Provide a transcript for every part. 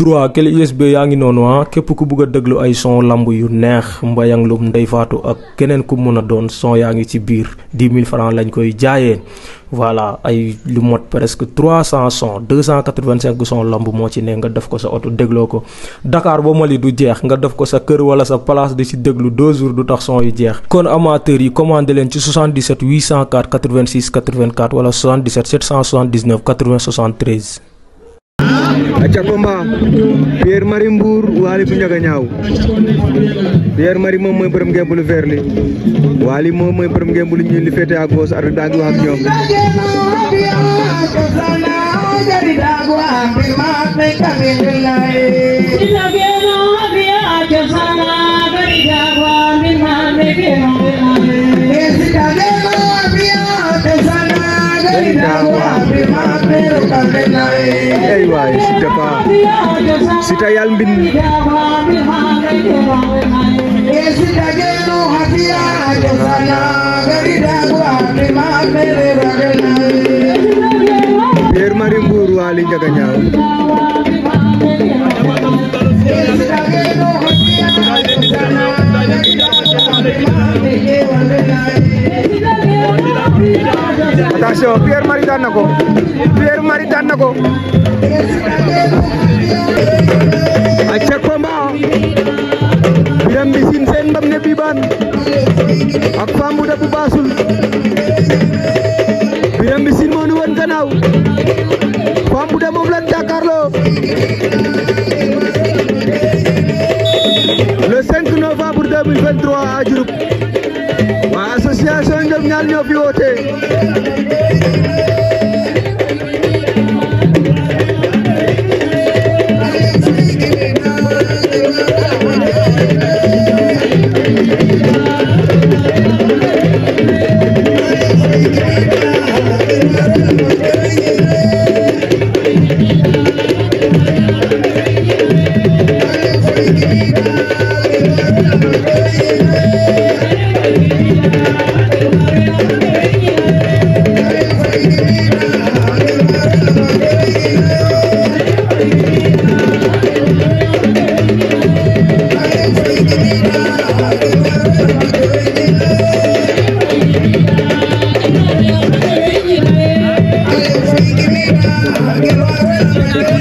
droit clé USB yaa ngi noonu ah képp ku bugg déglu ay son lamb yu neex mbayang lum ndey faatu ak keneen ku mën a doon son yaa ngi ci biir 10 000 francs lañ koy jaayee voilà ay lu mot presque 300 son 285 son moo ci ne nga def ko sa oto dégloo ko Dakar ba Mali du jeex nga def ko sa kër wala sa place di ci déglu 2 jours du tax son yu jeex kon amateurs yi commandé leen ci 77 804 86 84 wala 77 779 80 aca combat Pierre marimbour wali Waly bu Ndiaga Pierre marimbour moom mooy borom ngembul vert li Waly moom mooy borom ngembul ñuul li féete à gauche arbitre baa wax ak ñoom ay waay Siteu Pa Siteu yal mbin Pierre Marie Mbour Waly Ndiaga Niaw attention Pierre mari daan na ko Pierre Marie daan na ko acca combat Biram Mbissine seen mbam ne Bibane ak Fambou bu basul Biram Mbissine moo nu woon gannaaw Fambou da moom lan jàkkaarloo le 5 novembre 2023 à Diouroup waa association Ndiom ñal ñofi fi Thank you.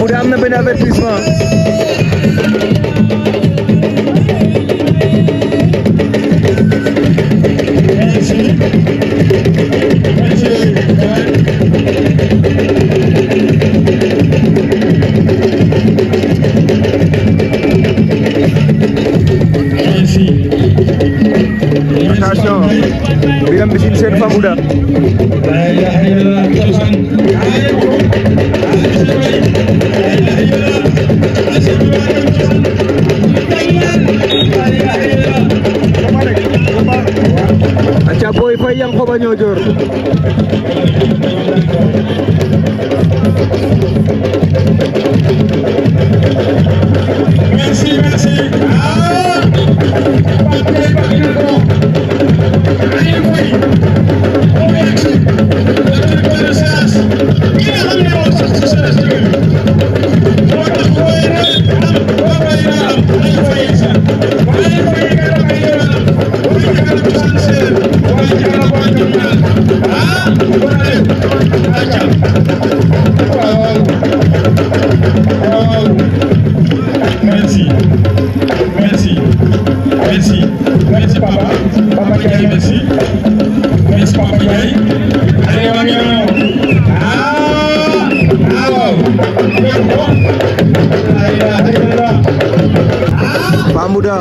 bu dee am na benn avertissement Thank you. taalibe si Miss Papa Ndiaye xale yaa ngi noonu ah waaw Pamuda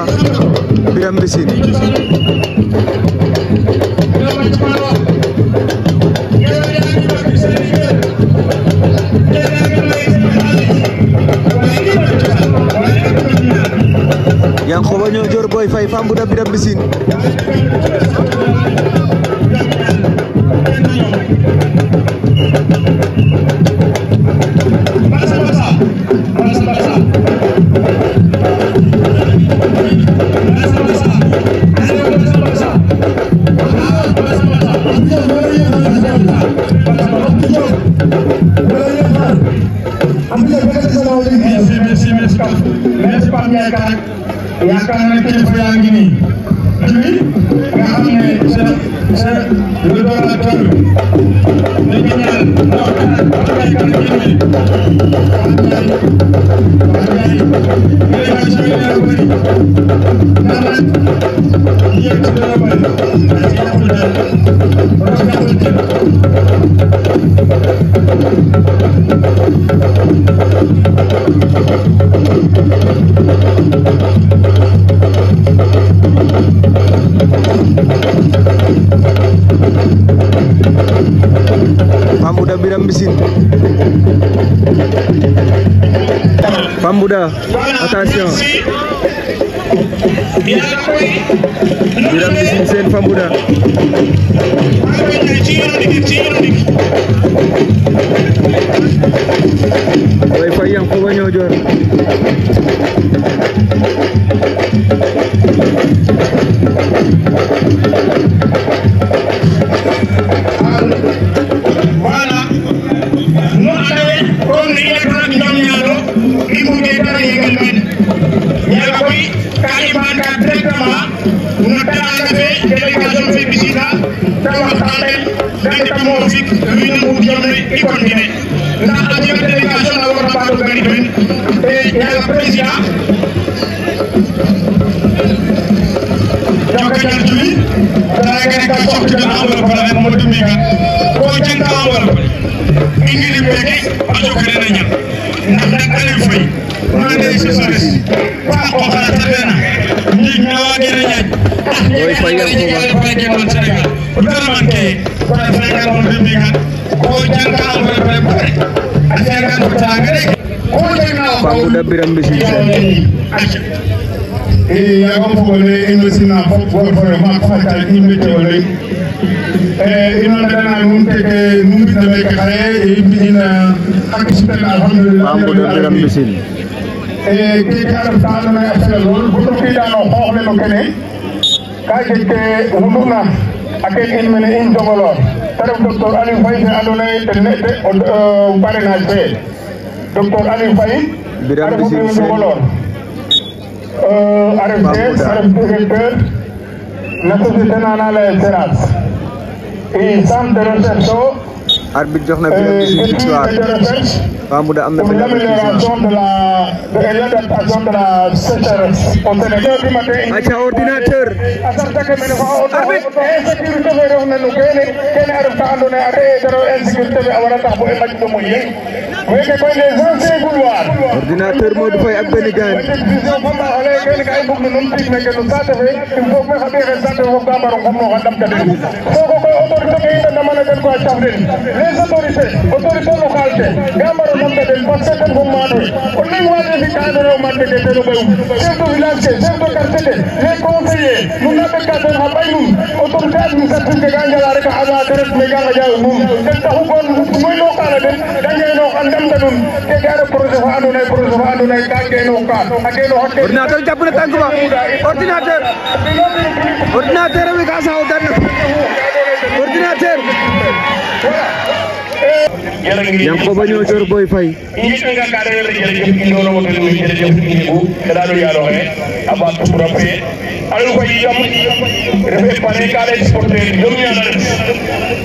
Biram Mbissine Bouddha. Attention. bilang gis seen femme Bouddha. Wifi yang kau ñoo jor. préféré génnoon Sénégal lu gën a manqué tey ka jeg ke wunduna a keek in mene in Njongolor te ref docteur Aliou Faye fe andoona yee ten ne de parrainage fe docteur Aliou Faye a refu in Njongolor a ref es a ref directeur na société na na layel Seras i centre de recherche arbitre jox na benn bis victoire Bambouda am na benn victoire aca ordinateur arbitre ordinateur Modou Faye ak benn gaan janga ɗum ɓe gara projet fo andona e projet fo andona e kakkeno ka akeno hakke ordinateur jappune tanko ma ordinateur ordinateur rewi ka sawo darna ordinateur yankoba ñotor boy fay ñiɗanga kaɗa yere jerejef ɗinono wotan mi jerejef ɗinigu eɗaɗo yaalo he aba tupura paye aɗo fayi yam refe pare kaɗa sporteur jom ñana ref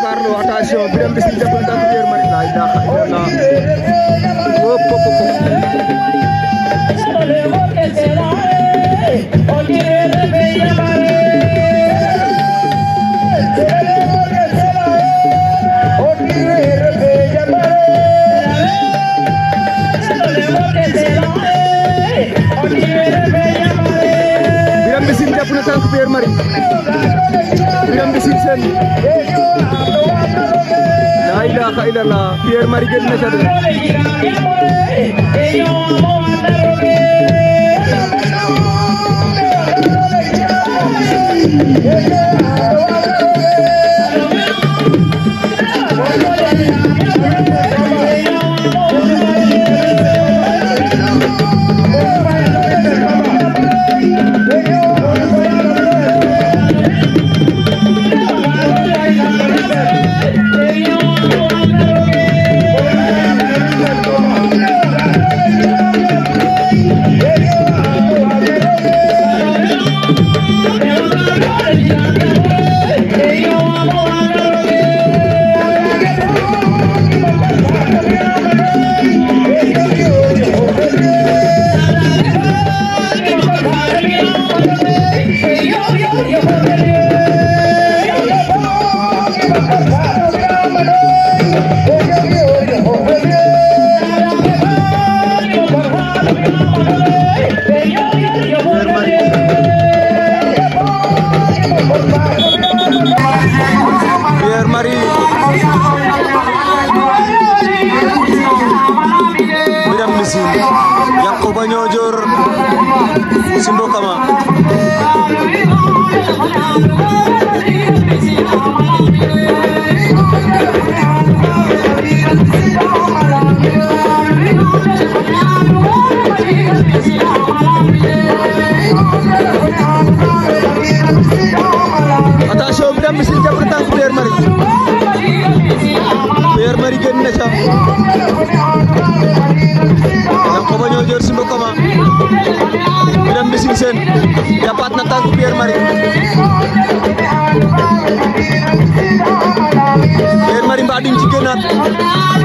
कार हा शयूं बि तव्हां पेर मन Pierre Marie jàpp na tànk Pierre Marie Pierre Marie mbaa duñ ci génnaat tegal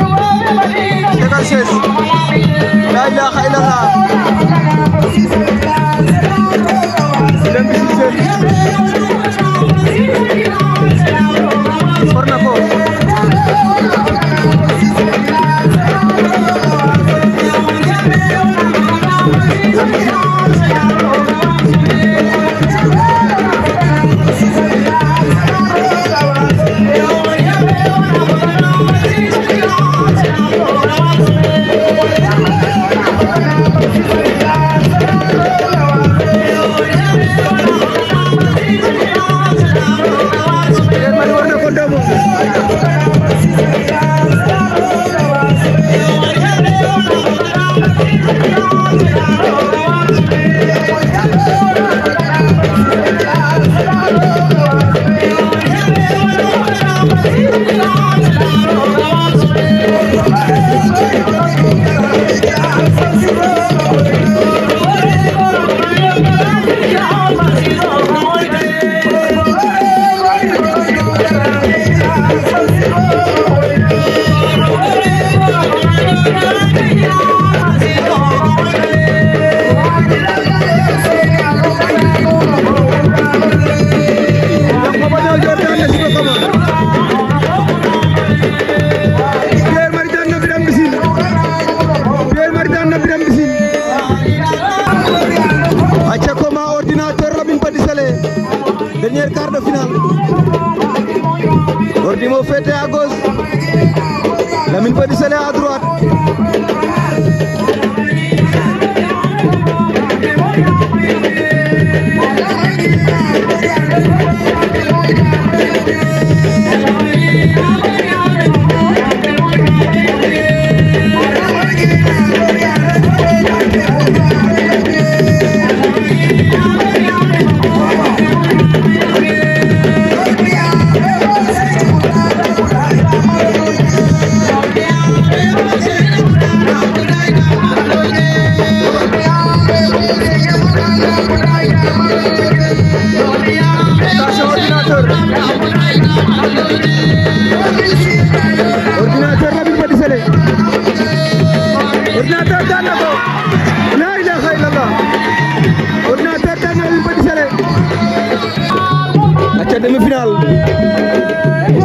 demi-finale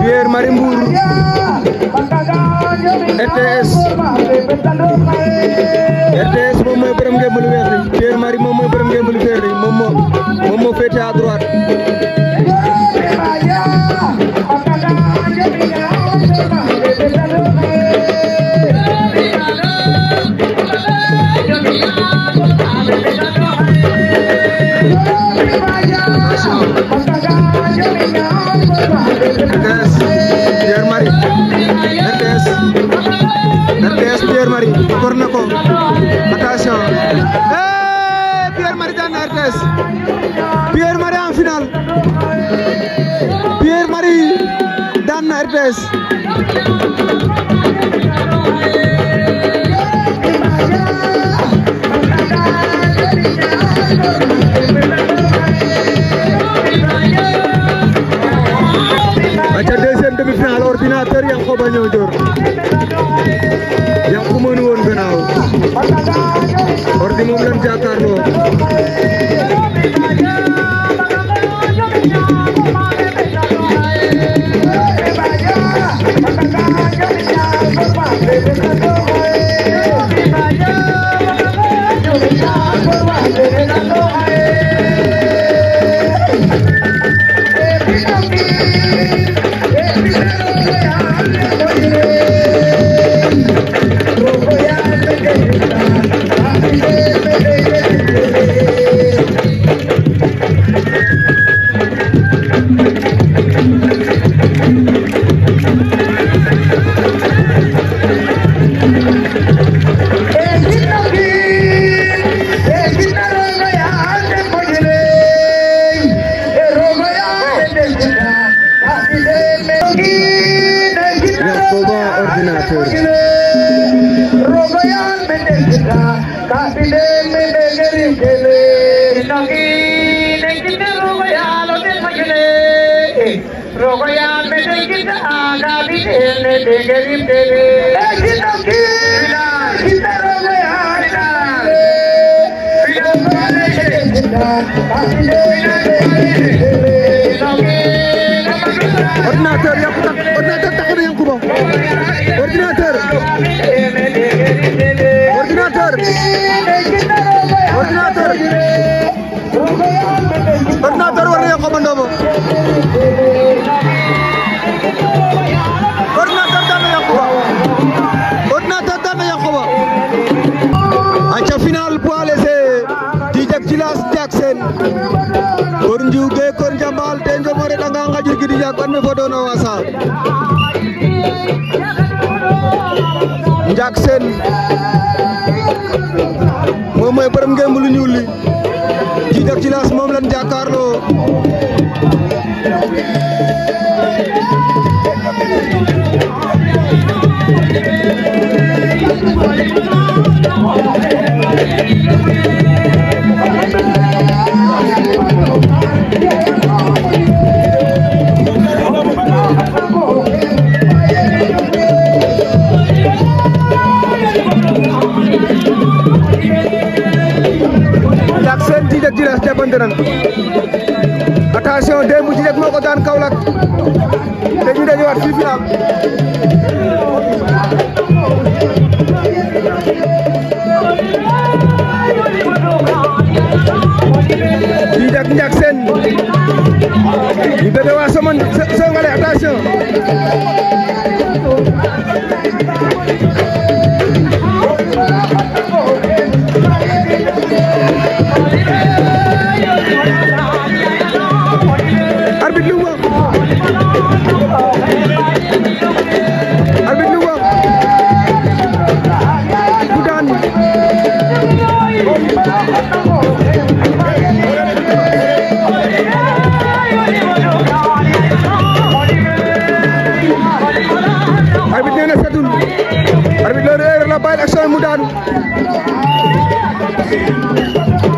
Pierre Marie Mbour Thiès ordinateur yaa ko ordinateur tax na Yankuba ordinateur ordinateur ordinateur ordinateur war na Yankuba Ndomo ordinateur daan na Yankuba ordinateur daan na Yankuba acha final poids léger Djidjack Djilass Diack Sène Ngor Ndiougué Ngor Ndiambal te Ndiomore ɗanga ngajur gidi Diack ɓanmi fodon ak seen moom mooy borom ngémb lu ñuul li jiit ak jilaas ñu bëgg waa Somone Songale attention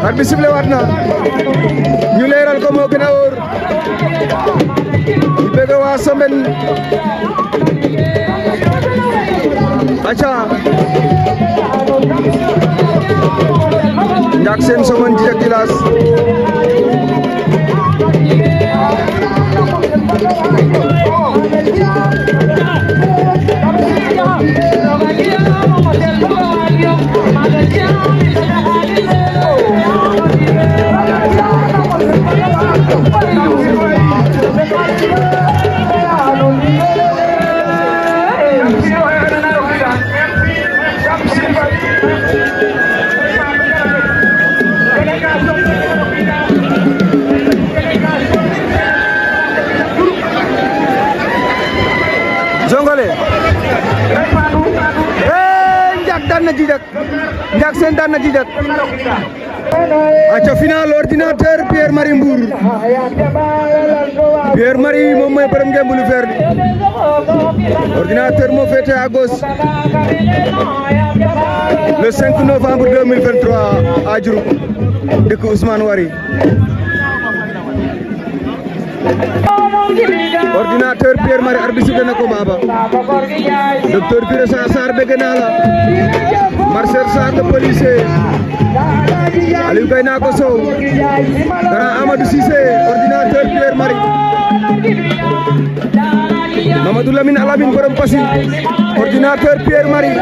at bi sible waat na ñu leeral ko moo gën a wóor di bëgg waa Sombène aca Ndiak Sène Sombène Djidiack Djilass daan na Djidiack Ndiak Sène daan na Djidiack aca final ordinateur Pierre Marie Mbour Pierre Marie moom mooy borom ngembulu vert bi ordinateur moo féete à gauche le 5 novembre 2023 à Diouroup dëkk Ousmane Wari ordinateur Pierre Marie arbitre sifflé na combat ba docteur Biré Sarr bëgg naa la Marcel Sarr de policier naa ko sow grand Amadou Cissé ordinateur Pierre Marie Mamadou Lamine Alamine borom Passy ordinateur Pierre Marie